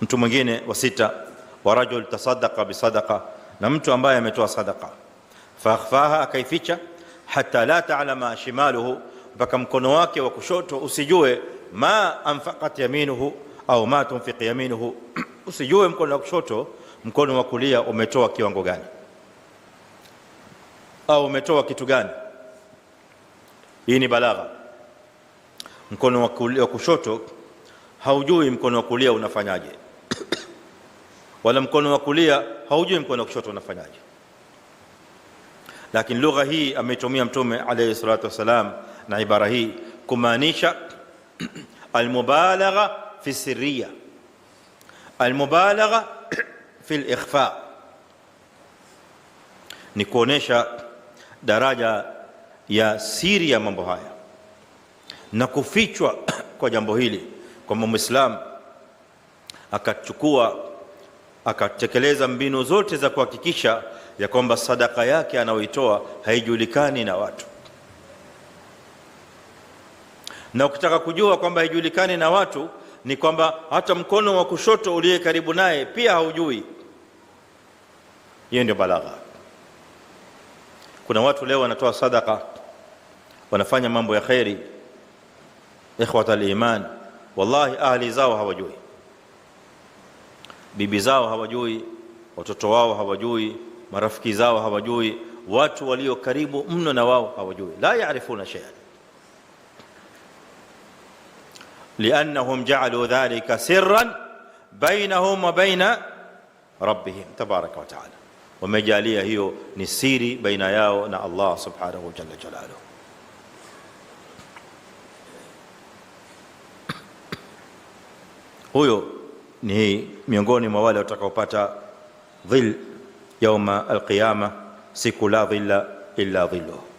Mtu mwingine wa sita, wa rajul tasaddaqa bisadaqa, na mtu ambaye ametoa sadaqa, fa akaificha, hata la ta'lama shimaluhu, mpaka mkono wake wa kushoto usijue, ma anfaqat yaminuhu au ma tunfiq yaminuhu, usijue mkono wa kushoto, mkono wa kulia umetoa kiwango gani au umetoa kitu gani. Hii ni balagha. Mkono wa kushoto haujui mkono wa kulia unafanyaje wala mkono wa kulia haujui mkono wa kushoto unafanyaje. Lakini lugha hii ameitumia Mtume alayhi salatu wassalam na ibara hii kumaanisha almubalagha fi siria almubalagha fi likhfa, ni kuonesha daraja ya siri ya mambo haya na kufichwa kwa jambo hili, kwamba Muislam akachukua akatekeleza mbinu zote za kuhakikisha ya kwamba sadaka yake anayoitoa haijulikani na watu. Na ukitaka kujua kwamba haijulikani na watu ni kwamba hata mkono wa kushoto uliye karibu naye pia haujui. Hiyo ndio balagha. Kuna watu leo wanatoa sadaka, wanafanya mambo ya kheri, ikhwat aliman, wallahi ahli zao hawajui bibi zao hawajui, watoto wao hawajui, marafiki zao hawajui, watu walio karibu mno na wao hawajui. La yaarifuna shay'an liannahum ja'alu dhalika sirran bainahum wa baina rabbihim tabaraka wa ta'ala, wamejalia hiyo ni siri baina yao na Allah subhanahu wa jalla jalalu huyo ni miongoni mwa wale watakaopata dhil yauma alqiyama, siku la dhilla illa dhilluh.